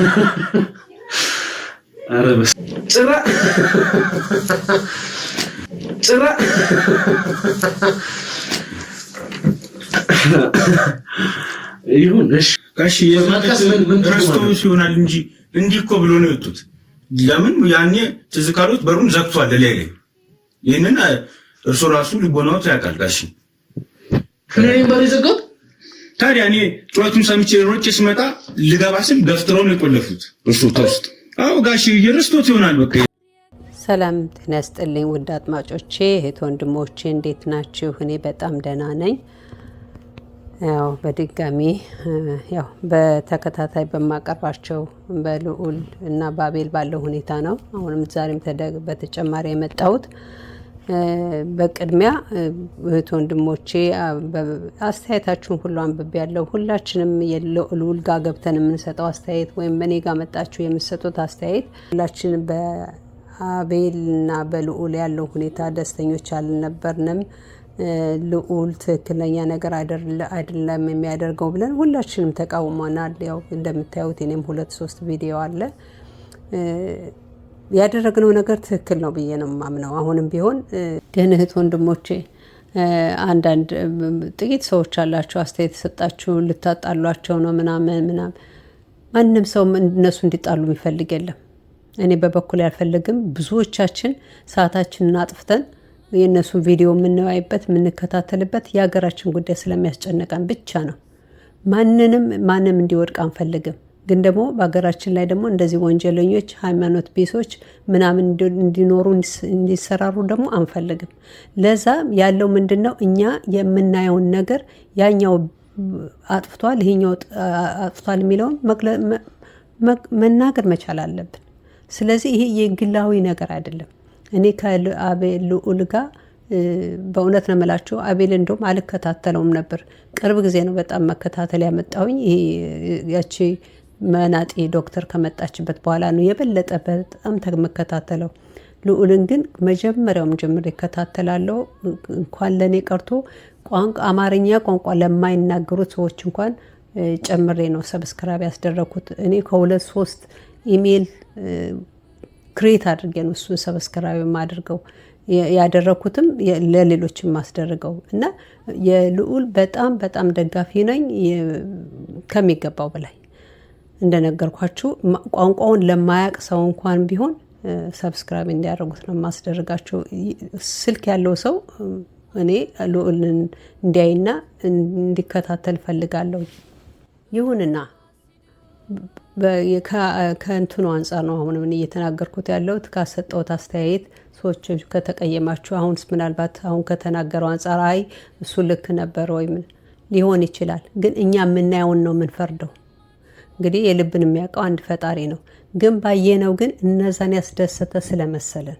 ይሆናል እንጂ እንዲህ እኮ ብሎ ነው የወጡት። ለምን ያኔ ትዝ ካሉት በሩን ዘግቷል። ላይ ላይ ይህንን እርሱ ራሱ ልቦናዎት ያውቃል። ጋሽ ታዲያ እኔ ጩኸቱን ሰምቼ ሮጬ ስመጣ ልገባ ስም ገፍትረው ነው የቆለፉት። እሱ ተውስጥ አዎ ጋሽ እየረስቶት ይሆናል በቃ። ሰላም ጤና ይስጥልኝ ውድ አጥማጮቼ፣ እህት ወንድሞቼ እንዴት ናችሁ? እኔ በጣም ደህና ነኝ። ያው በድጋሚ ያው በተከታታይ በማቀርባቸው በልዑል እና በአቤል ባለው ሁኔታ ነው። አሁንም ዛሬም በተጨማሪ የመጣሁት በቅድሚያ እህት ወንድሞቼ አስተያየታችሁን ሁሉ አንብቤ ያለው ሁላችንም የልዑል ጋ ገብተን የምንሰጠው አስተያየት ወይም እኔ ጋ መጣችሁ የምሰጡት አስተያየት ሁላችን በአቤልና በልዑል ያለው ሁኔታ ደስተኞች አልነበርንም። ልዑል ትክክለኛ ነገር አይደለም የሚያደርገው ብለን ሁላችንም ተቃውመናል። ያው እንደምታዩት እኔም ሁለት ሶስት ቪዲዮ አለ ያደረግነው ነገር ትክክል ነው ብዬ ነው የማምነው። አሁንም ቢሆን ግን እህት ወንድሞቼ አንዳንድ ጥቂት ሰዎች አላቸው፣ አስተያየት የሰጣችሁ ልታጣሏቸው ነው ምናምን ምናምን። ማንም ሰው እነሱ እንዲጣሉ የሚፈልግ የለም። እኔ በበኩል ያልፈልግም ብዙዎቻችን ሰዓታችንን አጥፍተን የእነሱን ቪዲዮ የምንወያይበት የምንከታተልበት የሀገራችን ጉዳይ ስለሚያስጨንቀን ብቻ ነው። ማንንም ማንም እንዲወድቅ አንፈልግም። ግን ደግሞ በሀገራችን ላይ ደግሞ እንደዚህ ወንጀለኞች፣ ሃይማኖት ቤቶች ምናምን እንዲኖሩ እንዲሰራሩ ደግሞ አንፈልግም። ለዛ ያለው ምንድን ነው እኛ የምናየውን ነገር ያኛው አጥፍቷል ይሄኛው አጥፍቷል የሚለውን መናገር መቻል አለብን። ስለዚህ ይሄ የግላዊ ነገር አይደለም። እኔ ከአቤል ልዑል ጋር በእውነት ነው የምላችሁ አቤል እንደውም አልከታተለውም ነበር። ቅርብ ጊዜ ነው በጣም መከታተል ያመጣውኝ ይሄ ያቺ መናጤ ዶክተር ከመጣችበት በኋላ ነው የበለጠ በጣም ተመከታተለው። ልዑልን ግን መጀመሪያውም ጀምር ይከታተላለው። እንኳን ለእኔ ቀርቶ ቋንቋ አማርኛ ቋንቋ ለማይናገሩት ሰዎች እንኳን ጨምሬ ነው ሰብስክራይብ ያስደረግኩት። እኔ ከሁለት ሶስት ኢሜይል ክሬት አድርጌ ነው እሱን ሰብስክራይብ አድርገው ያደረግኩትም ለሌሎችም ማስደርገው እና የልዑል በጣም በጣም ደጋፊ ነኝ ከሚገባው በላይ እንደነገርኳችሁ ቋንቋውን ለማያቅ ሰው እንኳን ቢሆን ሰብስክራይብ እንዲያደርጉት ነው የማስደርጋቸው። ስልክ ያለው ሰው እኔ ልዑልን እንዲያይና እንዲከታተል ፈልጋለሁ። ይሁንና ከእንትኑ አንጻር ነው አሁን ምን እየተናገርኩት ያለሁት ካሰጠሁት አስተያየት ሰዎች ከተቀየማችሁ፣ አሁን ምናልባት አሁን ከተናገረው አንጻር አይ እሱ ልክ ነበር ወይም ሊሆን ይችላል። ግን እኛ የምናየውን ነው የምንፈርደው። እንግዲህ የልብን የሚያውቀው አንድ ፈጣሪ ነው። ግን ባየነው ግን እነዛን ያስደሰተ ስለመሰለን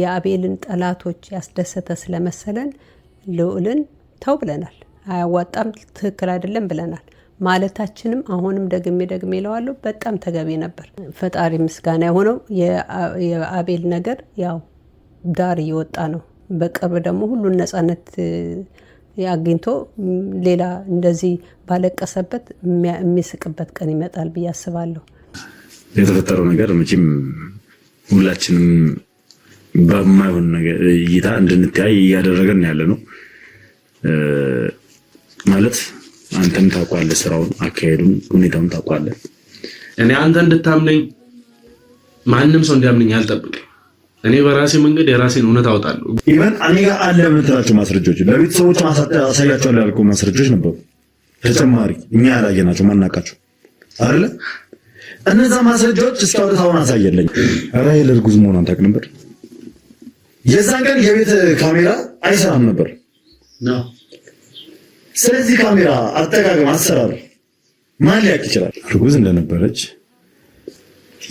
የአቤልን ጠላቶች ያስደሰተ ስለመሰለን ልዑልን ተው ብለናል። አያዋጣም፣ ትክክል አይደለም ብለናል። ማለታችንም አሁንም ደግሜ ደግሜ ይለዋለሁ በጣም ተገቢ ነበር። ፈጣሪ ምስጋና የሆነው የአቤል ነገር ያው ዳር እየወጣ ነው። በቅርብ ደግሞ ሁሉን ነጻነት አግኝቶ ሌላ እንደዚህ ባለቀሰበት የሚስቅበት ቀን ይመጣል ብዬ አስባለሁ። የተፈጠረው ነገር መቼም ሁላችንም በማይሆን እይታ እንድንተያይ እያደረገን ያለ ነው ማለት አንተም ታውቋለህ፣ ስራውን፣ አካሄዱን፣ ሁኔታውን ታውቋለህ። እኔ አንተ እንድታምነኝ ማንም ሰው እንዲያምነኝ አልጠብቅም። እኔ በራሴ መንገድ የራሴን እውነት አወጣለሁ። ኢቨን እኔ ጋር አለ የምትላቸው ማስረጃዎች ለቤተሰቦች አሳያቸዋለሁ ያልከው ማስረጃዎች ነበሩ፣ ተጨማሪ እኛ ያላየናቸው ማናቃቸው አለ። እነዛ ማስረጃዎች እስካሁን አሁን አሳየለኝ። ራይ እርጉዝ መሆኗን አንታቅ ነበር። የዛን ቀን የቤት ካሜራ አይሰራም ነበር። ስለዚህ ካሜራ አጠቃቀም አሰራር ማን ሊያውቅ ይችላል? እርጉዝ እንደነበረች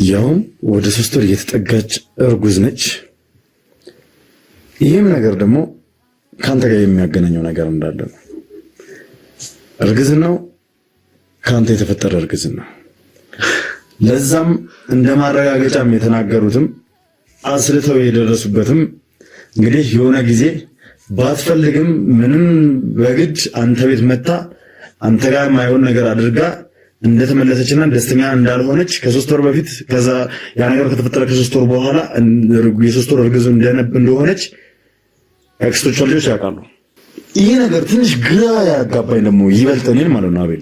ያውም ወደ ሶስት ወር እየተጠጋች እርጉዝ ነች። ይህም ነገር ደግሞ ከአንተ ጋር የሚያገናኘው ነገር እንዳለ ነው። እርግዝናው ከአንተ የተፈጠረ እርግዝና ለዛም እንደ ማረጋገጫም የተናገሩትም አስልተው የደረሱበትም እንግዲህ የሆነ ጊዜ ባትፈልግም ምንም በግድ አንተ ቤት መታ አንተ ጋር የማይሆን ነገር አድርጋ እንደተመለሰችና ደስተኛ እንዳልሆነች ከሶስት ወር በፊት ከዛ ያ ነገር ከተፈጠረ ከሶስት ወር በኋላ የሶስት ወር እርግዝ እንደነብ እንደሆነች አክስቶቿ ልጆች ያውቃሉ። ይህ ነገር ትንሽ ግራ ያጋባኝ ደግሞ ይበልጥ እኔን ማለት ነው አቤል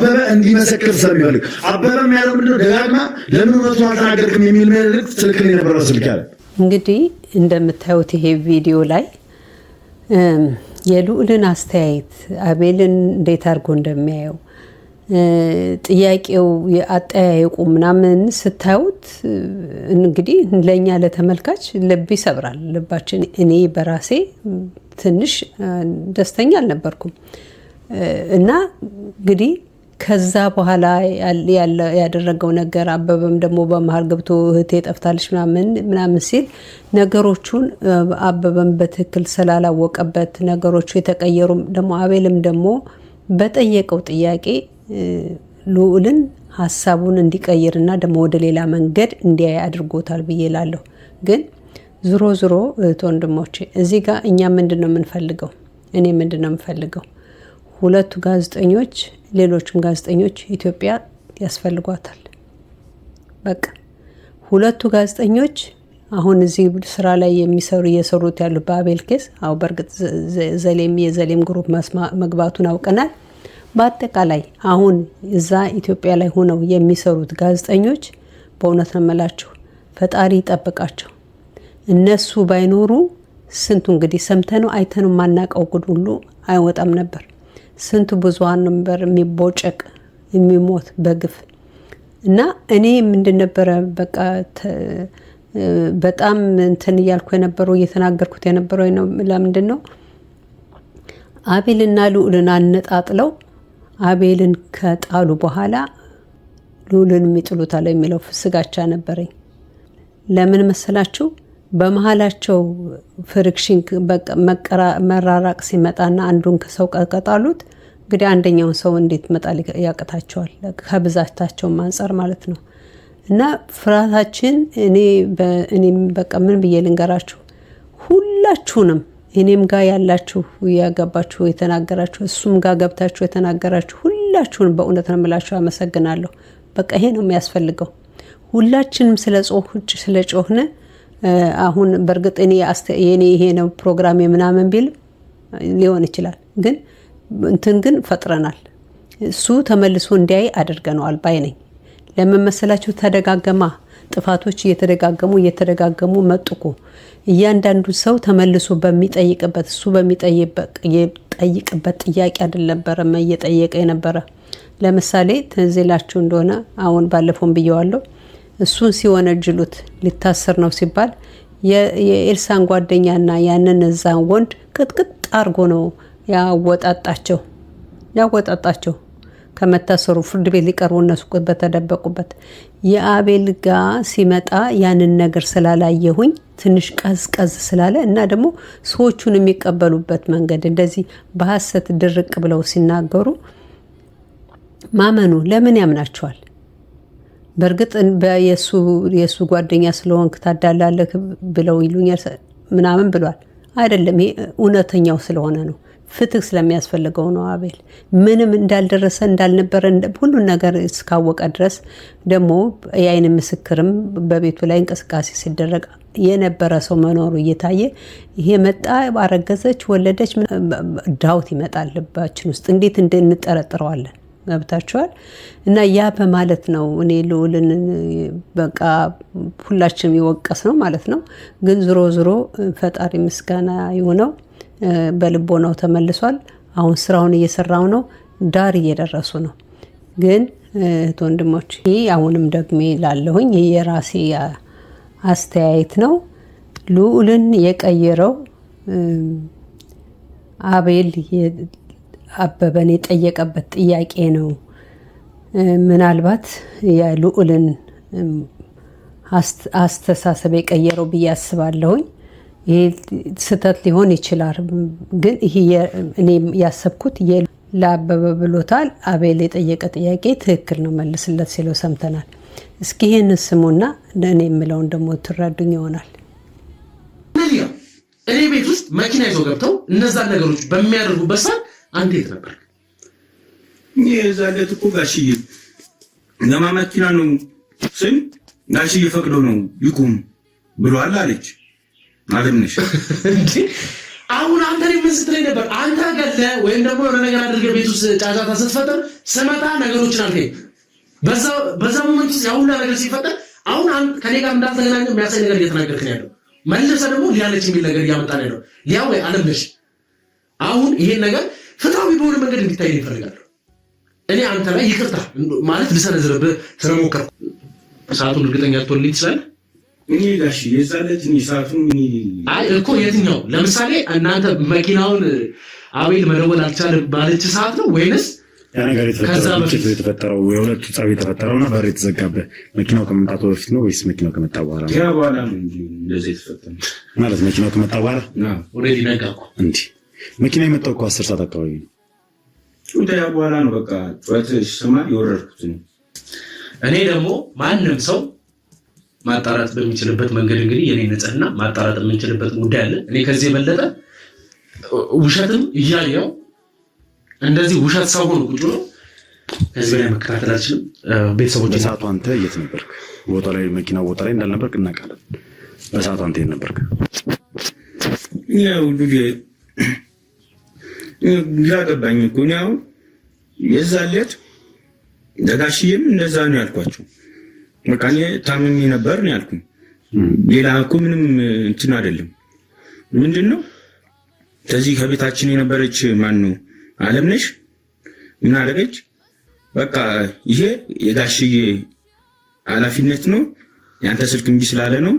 አበበ እንዲመሰክር ስለሚፈልግ አበበ ያለው ምንድን ነው ደጋግማ ለምን እውነቱ አልተናገርክም የሚል መልዕክት ስልክ የነበረው ስልክ ያለ እንግዲህ እንደምታዩት ይሄ ቪዲዮ ላይ የልዑልን አስተያየት አቤልን እንዴት አድርጎ እንደሚያየው ጥያቄው አጠያየቁ ምናምን ስታዩት እንግዲህ ለእኛ ለተመልካች ልብ ይሰብራል። ልባችን እኔ በራሴ ትንሽ ደስተኛ አልነበርኩም እና እንግዲህ ከዛ በኋላ ያደረገው ነገር አበበም ደግሞ በመሀል ገብቶ እህቴ ጠፍታለች ምናምን ምናምን ሲል ነገሮቹን አበበም በትክክል ስላላወቀበት ነገሮቹ የተቀየሩ ደግሞ አቤልም ደግሞ በጠየቀው ጥያቄ ልዑልን ሀሳቡን እንዲቀይርና ደግሞ ወደ ሌላ መንገድ እንዲያይ አድርጎታል ብዬ ላለሁ። ግን ዝሮ ዝሮ እህት ወንድሞቼ እዚህ ጋር እኛ ምንድን ነው የምንፈልገው? እኔ ምንድን ነው የምንፈልገው? ሁለቱ ጋዜጠኞች፣ ሌሎችም ጋዜጠኞች ኢትዮጵያ ያስፈልጓታል። በቃ ሁለቱ ጋዜጠኞች አሁን እዚህ ስራ ላይ የሚሰሩ እየሰሩት ያሉት በአቤል ኬስ አሁ በእርግጥ ዘሌም የዘሌም ግሩፕ መግባቱን አውቀናል። በአጠቃላይ አሁን እዛ ኢትዮጵያ ላይ ሆነው የሚሰሩት ጋዜጠኞች በእውነት ነው የምላችሁ ፈጣሪ ይጠብቃቸው። እነሱ ባይኖሩ ስንቱ እንግዲህ ሰምተነው አይተነው ማናቀው ጉድ ሁሉ አይወጣም ነበር። ስንቱ ብዙሀን ነበር የሚቦጨቅ የሚሞት በግፍ እና እኔ ምንድን ነበረ በቃ በጣም እንትን እያልኩ የነበረው እየተናገርኩት የነበረው ለምንድን ነው አቤልና ልዑልን አነጣጥለው አቤልን ከጣሉ በኋላ ልዑልን የሚጥሉታል የሚለው ስጋቻ ነበረኝ። ለምን መሰላችሁ? በመሀላቸው ፍሪክሽን መራራቅ ሲመጣና አንዱን ከሰው ከጣሉት እንግዲህ አንደኛውን ሰው እንዴት መጣል ያቅታቸዋል? ከብዛታቸው አንጻር ማለት ነው። እና ፍርሃታችን እኔ በቃ ምን ብዬ ልንገራችሁ ሁላችሁንም እኔም ጋር ያላችሁ ያገባችሁ የተናገራችሁ፣ እሱም ጋር ገብታችሁ የተናገራችሁ ሁላችሁን በእውነት ነው የምላችሁ፣ አመሰግናለሁ። በቃ ይሄ ነው የሚያስፈልገው። ሁላችንም ስለ ጾች ስለ ጮህነ አሁን በእርግጥ እኔ የኔ ይሄ ነው ፕሮግራም ምናምን ቢል ሊሆን ይችላል። ግን እንትን ግን ፈጥረናል። እሱ ተመልሶ እንዲያይ አድርገነዋል ባይ ነኝ። ለምን መሰላችሁ? ተደጋገማ ጥፋቶች እየተደጋገሙ እየተደጋገሙ መጡኩ። እያንዳንዱ ሰው ተመልሶ በሚጠይቅበት እሱ በሚጠይቅበት ጥያቄ አይደለም እየጠየቀ የነበረ። ለምሳሌ ትዝ ይላችሁ እንደሆነ አሁን ባለፈውን ብየዋለሁ። እሱን ሲወነጅሉት ሊታሰር ነው ሲባል የኤልሳን ጓደኛና ያንን እዛን ወንድ ቅጥቅጥ አርጎ ነው ያወጣጣቸው ያወጣጣቸው ከመታሰሩ ፍርድ ቤት ሊቀርቡ እነሱ በተደበቁበት የአቤል ጋ ሲመጣ ያንን ነገር ስላላየሁኝ ትንሽ ቀዝቀዝ ስላለ እና ደግሞ ሰዎቹን የሚቀበሉበት መንገድ እንደዚህ በሀሰት ድርቅ ብለው ሲናገሩ ማመኑ ለምን ያምናቸዋል? በእርግጥ የእሱ ጓደኛ ስለሆንክ ታዳላለህ ብለው ይሉኛል ምናምን ብሏል። አይደለም፣ ይሄ እውነተኛው ስለሆነ ነው። ፍትህ ስለሚያስፈልገው ነው። አቤል ምንም እንዳልደረሰ እንዳልነበረ ሁሉን ነገር እስካወቀ ድረስ ደግሞ የአይን ምስክርም በቤቱ ላይ እንቅስቃሴ ሲደረግ የነበረ ሰው መኖሩ እየታየ ይሄ መጣ፣ አረገዘች፣ ወለደች፣ ዳውት ይመጣል ልባችን ውስጥ። እንዴት እንጠረጥረዋለን? ገብታችኋል? እና ያ በማለት ነው እኔ ልዑልን በቃ ሁላችንም የወቀስ ነው ማለት ነው። ግን ዝሮ ዝሮ ፈጣሪ ምስጋና የሆነው በልቦናው ተመልሷል። አሁን ስራውን እየሰራው ነው። ዳር እየደረሱ ነው። ግን እህት ወንድሞች፣ ይህ አሁንም ደግሜ ላለሁኝ ይህ የራሴ አስተያየት ነው። ልዑልን የቀየረው አቤል አበበን የጠየቀበት ጥያቄ ነው። ምናልባት የልዑልን አስተሳሰብ የቀየረው ብዬ አስባለሁኝ። ይሄ ስህተት ሊሆን ይችላል፣ ግን ይሄ እኔ ያሰብኩት ለአበበ ብሎታል። አቤል የጠየቀ ጥያቄ ትክክል ነው መልስለት ሲለው ሰምተናል። እስኪ ይህን ስሙና እኔ የምለውን ደግሞ ትረዱኝ ይሆናል። እኔ ቤት ውስጥ መኪና ይዘው ገብተው እነዛን ነገሮች በሚያደርጉበት ሰዓት አንተ የት ነበር? የዛ ዕለት እኮ ጋሽዬ ለማ መኪና ነው ስን ጋሽዬ ፈቅዶ ነው ይቁም ብሏል አለች አለምንሽ አሁን አንተ ላይ ምን ስትለኝ ነበር? አንተ ገለ ወይም ደግሞ የሆነ ነገር አድርገህ ቤት ውስጥ ጫጫታ ስትፈጠር ስመጣ ነገሮችን አልከኝ። በዛ በዛ ሞመንት ውስጥ ያሁላ ነገር ሲፈጠር አሁን ከኔ ጋር እንዳልተገናኘ የሚያሳይ ነገር እየተናገርክ ነው ያለው። መልሰ ደግሞ ሊያለች የሚል ነገር እያመጣ ነው ያለው። ሊያ ወይ አለምነሽ አሁን ይሄን ነገር ፍትሐዊ በሆነ መንገድ እንዲታይ ይፈልጋሉ። እኔ አንተ ላይ ይቅርታ ማለት ልሰነዝርብህ ስለሞከርኩ ሰዓቱን እርግጠኛ ትሆንልኝ ትችላለህ። እኔ እኮ የትኛው ለምሳሌ እናንተ መኪናውን አቤል መደወል አልቻለም ባለች ሰዓት ነው ወይንስ የተፈጠረው የሁለቱ ጸብ የተፈጠረውና በር የተዘጋበት መኪናው ከመምጣቱ በፊት ነው ወይስ መኪናው ከመጣ በኋላ ማለት መኪናው ከመጣ በኋላ መኪና የመጣው እኮ አስር ሰዓት አካባቢ ነው። በኋላ ነው በቃ ጩኸት ስማ የወረድኩት እኔ ደግሞ ማንም ሰው ማጣራት በሚችልበት መንገድ እንግዲህ የኔ ንጽህና ማጣራት የምንችልበት ጉዳይ አለ። እኔ ከዚህ የበለጠ ውሸትም እያየው እንደዚህ ውሸት ሰው ሆኖ ቁጭ ከዚህ በላይ መከታተል አልችልም። ቤተሰቦች ሰዓቱ አንተ የት ነበርክ? ቦታ ላይ መኪና ቦታ ላይ እንዳልነበርክ እናውቃለን። በሰዓቱ አንተ የት ነበርክ? ግራ ገባኝ እኮ እኔ አሁን የዛን ዕለት ደጋሽዬም እንደዛ ነው ያልኳቸው በቃ እኔ ታምሜ ነበር ነው ያልኩኝ። ሌላ እኮ ምንም እንትን አይደለም። ምንድን ነው ከዚህ ከቤታችን የነበረች ማን ነው አለምነሽ ምን አደረገች? በቃ ይሄ የጋሽዬ ኃላፊነት ነው ያንተ ስልክ እንጂ ስላለ ነው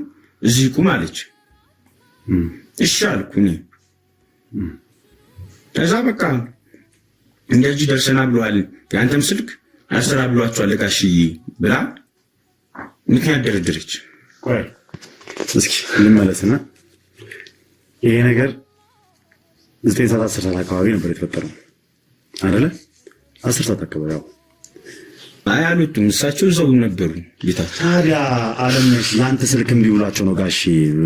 እዚህ ቁም አለች። እሺ አልኩ እኔ። ከዛ በቃ እንደዚህ ደርሰና ብለዋል፣ ያንተም ስልክ አሰራ ብሏቸዋል ጋሽዬ ብላ ምክንያት ቆይ እስኪ ልመለስና ይሄ ነገር ዘጠኝ ሰዓት አስር ሰዓት አካባቢ ነበር የተፈጠረው አይደለ? አስር ሰዓት አካባቢ ያው አይ አልወጡም። እሳቸው እዛው ነበሩ ታዲያ ለአንተ ስልክ እምቢ ብሏቸው ነው ጋሼ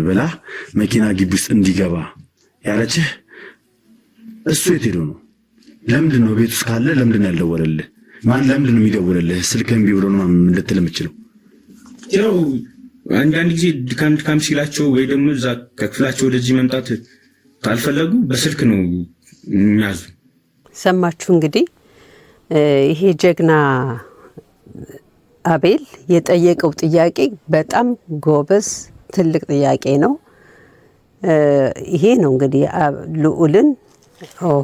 ብላ መኪና ግቢ ውስጥ እንዲገባ ያለችህ እሱ የት ሄዶ ነው? ለምንድን ነው ቤት ውስጥ ካለ ለምንድን ነው ያልደወለልህ? ማን ለምንድን ነው የሚደውልልህ? ስልክ እምቢ ብሎ ነው ልትል የምችለው ያው አንዳንድ ጊዜ ድካም ድካም ሲላቸው ወይ ደግሞ እዛ ከክፍላቸው ወደዚህ መምጣት ካልፈለጉ በስልክ ነው የሚያዙ። ሰማችሁ እንግዲህ ይሄ ጀግና አቤል የጠየቀው ጥያቄ በጣም ጎበዝ ትልቅ ጥያቄ ነው። ይሄ ነው እንግዲህ ልዑልን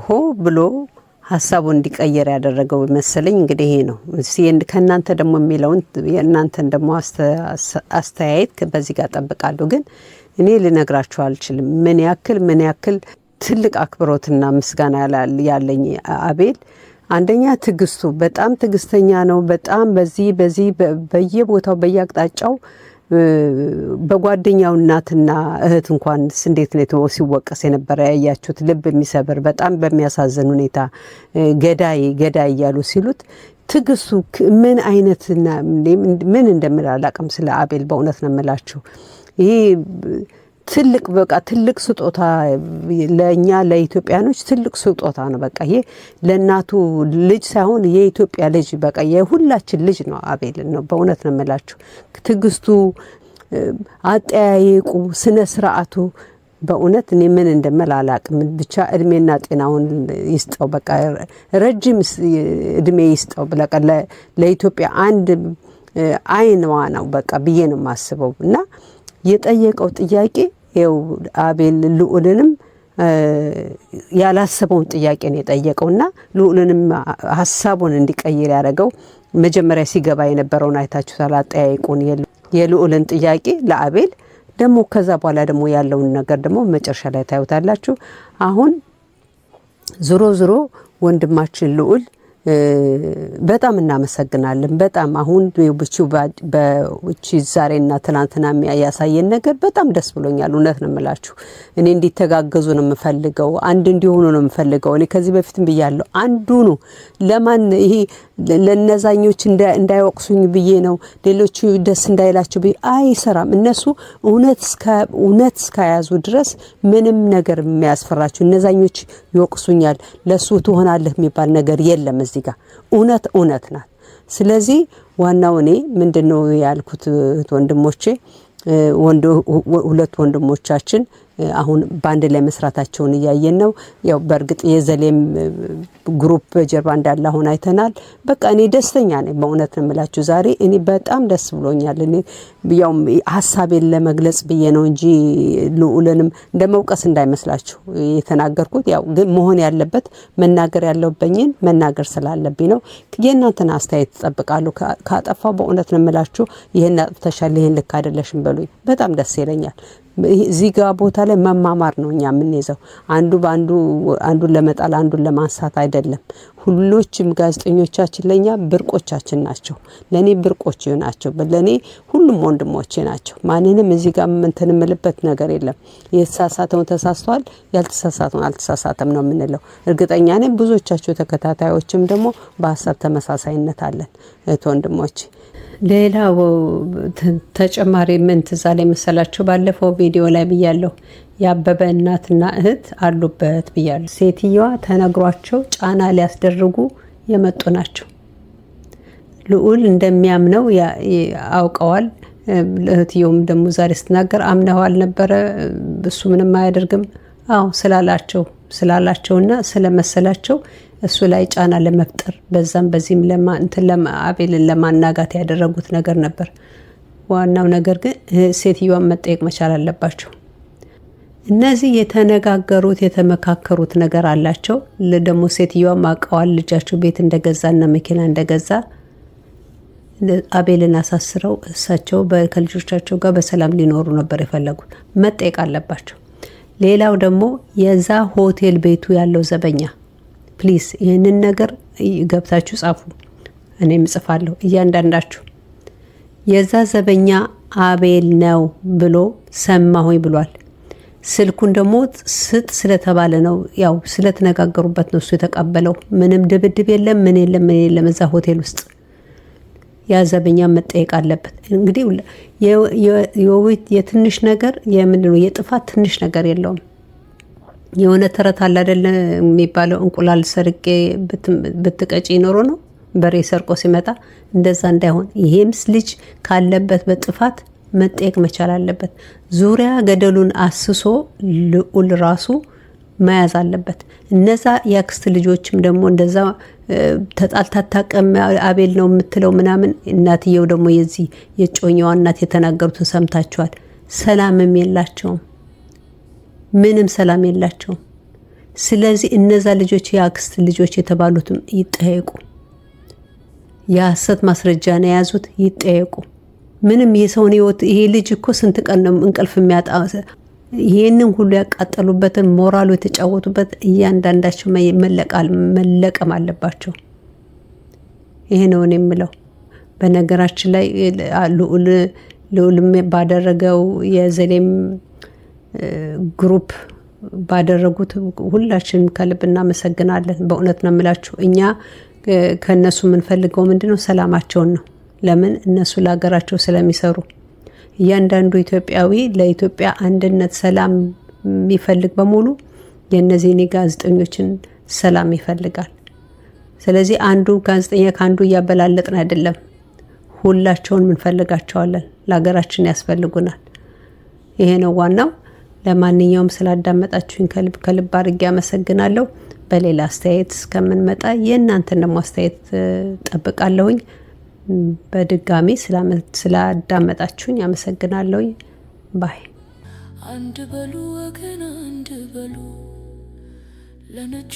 ሆ ብሎ ሀሳቡ እንዲቀየር ያደረገው መሰለኝ። እንግዲህ ይሄ ነው። ከእናንተ ደግሞ የሚለውን የእናንተን ደግሞ አስተያየት በዚህ ጋር ጠብቃለሁ። ግን እኔ ልነግራችሁ አልችልም ምን ያክል ምን ያክል ትልቅ አክብሮትና ምስጋና ያለኝ አቤል አንደኛ ትዕግስቱ በጣም ትዕግስተኛ ነው። በጣም በዚህ በዚህ በየቦታው በየአቅጣጫው በጓደኛው እናትና እህት እንኳን እንዴት ነው ሲወቀስ የነበረ ያያችሁት? ልብ የሚሰብር በጣም በሚያሳዝን ሁኔታ ገዳይ ገዳይ እያሉ ሲሉት ትግሱ ምን አይነትና ምን እንደምላል አቅም ስለ አቤል በእውነት ነው የምላችሁ ይሄ ትልቅ በቃ ትልቅ ስጦታ ለእኛ ለኢትዮጵያኖች ትልቅ ስጦታ ነው። በቃ ይሄ ለእናቱ ልጅ ሳይሆን የኢትዮጵያ ልጅ በቃ የሁላችን ልጅ ነው አቤል ነው። በእውነት ነው የምላችሁ ትዕግስቱ፣ አጠያየቁ፣ ስነ ስርዓቱ በእውነት እኔ ምን እንደምል አላቅም። ብቻ እድሜና ጤናውን ይስጠው፣ በቃ ረጅም እድሜ ይስጠው። በቃ ለኢትዮጵያ አንድ አይንዋ ነው በቃ ብዬ ነው የማስበው እና የጠየቀው ጥያቄ ይኸው አቤል ልዑልንም ያላሰበውን ጥያቄ ነው የጠየቀው እና ልዑልንም ሀሳቡን እንዲቀይር ያደረገው መጀመሪያ ሲገባ የነበረውን አይታችሁ ሳላጠያይቁን የልዑልን ጥያቄ ለአቤል ደግሞ ከዛ በኋላ ደግሞ ያለውን ነገር ደግሞ መጨረሻ ላይ ታዩታላችሁ። አሁን ዞሮ ዞሮ ወንድማችን ልዑል በጣም እናመሰግናለን። በጣም አሁን በውጭ ዛሬና ትናንትና ያሳየን ነገር በጣም ደስ ብሎኛል። እውነት ነው የምላችሁ። እኔ እንዲተጋገዙ ነው የምፈልገው። አንድ እንዲሆኑ ነው የምፈልገው። እኔ ከዚህ በፊትም ብያለሁ። አንዱ ነው ለማን ይሄ ለነዛኞች እንዳይወቅሱኝ ብዬ ነው፣ ሌሎቹ ደስ እንዳይላቸው ብዬ አይሰራም። እነሱ እውነት እስከያዙ ድረስ ምንም ነገር የሚያስፈራቸው እነዛኞች ይወቅሱኛል፣ ለሱ ትሆናለህ የሚባል ነገር የለም። እዚህ ጋር እውነት እውነት ናት። ስለዚህ ዋናው እኔ ምንድን ነው ያልኩት ወንድሞቼ ሁለት ወንድሞቻችን አሁን በአንድ ላይ መስራታቸውን እያየን ነው። ያው በእርግጥ የዘሌም ግሩፕ በጀርባ እንዳለ አሁን አይተናል። በቃ እኔ ደስተኛ ነኝ፣ በእውነት ነው የምላችሁ። ዛሬ እኔ በጣም ደስ ብሎኛል። እኔ ያው ሀሳቤን ለመግለጽ ብዬ ነው እንጂ ልዑልንም እንደ መውቀስ እንዳይመስላችሁ የተናገርኩት። ያው ግን መሆን ያለበት መናገር ያለብኝን መናገር ስላለብኝ ነው። የእናንተን አስተያየት ትጠብቃሉ። ካጠፋው በእውነት ነው የምላችሁ ይህን አጥፍተሻል፣ ይህን ልክ አይደለሽም በሉኝ፣ በጣም ደስ ይለኛል። እዚህ ጋር ቦታ ላይ መማማር ነው እኛ የምንይዘው። አንዱ በአንዱ አንዱን ለመጣል አንዱን ለማንሳት አይደለም። ሁሎችም ጋዜጠኞቻችን ለእኛ ብርቆቻችን ናቸው። ለእኔ ብርቆች ናቸው። ለእኔ ሁሉም ወንድሞቼ ናቸው። ማንንም እዚህ ጋር እንትን ነገር የለም። የተሳሳተውን ተሳስተዋል፣ ያልተሳሳተውን አልተሳሳተም ነው የምንለው። እርግጠኛ ነኝ ብዙዎቻቸው ተከታታዮችም ደግሞ በሀሳብ ተመሳሳይነት አለን እህት ወንድሞቼ ሌላው ተጨማሪ ምን ትዝ አለኝ መሰላችሁ? ባለፈው ቪዲዮ ላይ ብያለሁ ያበበ እናትና እህት አሉበት ብያለሁ። ሴትየዋ ተነግሯቸው ጫና ሊያስደርጉ የመጡ ናቸው። ልዑል እንደሚያምነው አውቀዋል። እህትየውም ደግሞ ዛሬ ስትናገር አምነዋል ነበረ እሱ ምንም አያደርግም አዎ ስላላቸው ስላላቸውና ስለመሰላቸው እሱ ላይ ጫና ለመፍጠር በዛም በዚህም አቤልን ለማናጋት ያደረጉት ነገር ነበር። ዋናው ነገር ግን ሴትዮዋን መጠየቅ መቻል አለባቸው። እነዚህ የተነጋገሩት የተመካከሩት ነገር አላቸው። ደግሞ ሴትዮዋም አውቀዋል። ልጃቸው ቤት እንደገዛና መኪና እንደገዛ አቤልን አሳስረው እሳቸው ከልጆቻቸው ጋር በሰላም ሊኖሩ ነበር የፈለጉት። መጠየቅ አለባቸው። ሌላው ደግሞ የዛ ሆቴል ቤቱ ያለው ዘበኛ ፕሊስ ይህንን ነገር ገብታችሁ ጻፉ። እኔም ጽፋለሁ እያንዳንዳችሁ የዛ ዘበኛ አቤል ነው ብሎ ሰማሁኝ ብሏል። ስልኩን ደግሞ ስጥ ስለተባለ ነው ያው ስለተነጋገሩበት ነው እሱ የተቀበለው። ምንም ድብድብ የለም፣ ምን የለም፣ ምን የለም። እዛ ሆቴል ውስጥ ያ ዘበኛ መጠየቅ አለበት። እንግዲህ የትንሽ ነገር የምንድን ነው የጥፋት ትንሽ ነገር የለውም። የሆነ ተረት አለ አይደለ የሚባለው እንቁላል ሰርቄ ብትቀጭ ይኖሩ ነው በሬ ሰርቆ ሲመጣ እንደዛ እንዳይሆን ይሄምስ ልጅ ካለበት በጥፋት መጠየቅ መቻል አለበት። ዙሪያ ገደሉን አስሶ ልዑል ራሱ መያዝ አለበት። እነዛ የአክስት ልጆችም ደግሞ እንደዛ ተጣልታ አቤል ነው የምትለው ምናምን። እናትየው ደግሞ የዚህ የጮኛዋ እናት የተናገሩትን ሰምታችኋል። ሰላምም የላቸውም። ምንም ሰላም የላቸውም። ስለዚህ እነዛ ልጆች የአክስት ልጆች የተባሉትም ይጠየቁ። የሐሰት ማስረጃ ነው የያዙት ይጠየቁ። ምንም የሰውን ህይወት ይሄ ልጅ እኮ ስንት ቀን ነው እንቅልፍ የሚያጣ? ይህንን ሁሉ ያቃጠሉበትን ሞራሉ የተጫወቱበት እያንዳንዳቸው መለቀም አለባቸው። ይሄ ነው እኔ የምለው። በነገራችን ላይ ልዑል ባደረገው የዘሌም ግሩፕ ባደረጉት ሁላችንም ከልብ እናመሰግናለን። በእውነት ነው የምላችሁ እኛ ከእነሱ የምንፈልገው ምንድን ነው? ሰላማቸውን ነው። ለምን እነሱ ለሀገራቸው ስለሚሰሩ እያንዳንዱ ኢትዮጵያዊ ለኢትዮጵያ አንድነት ሰላም የሚፈልግ በሙሉ የእነዚህን ጋዜጠኞችን ሰላም ይፈልጋል። ስለዚህ አንዱ ጋዜጠኛ ከአንዱ እያበላለጥን አይደለም። ሁላቸውን ምንፈልጋቸዋለን። ለሀገራችን ያስፈልጉናል። ይሄ ነው ዋናው። ለማንኛውም ስላዳመጣችሁኝ ከልብ ከልብ አድርጌ አመሰግናለሁ። በሌላ አስተያየት እስከምንመጣ የእናንተን ደግሞ አስተያየት ጠብቃለሁኝ። በድጋሚ ስላዳመጣችሁኝ አመሰግናለሁኝ። ባይ አንድ በሉ ወገን አንድ በሉ ለነች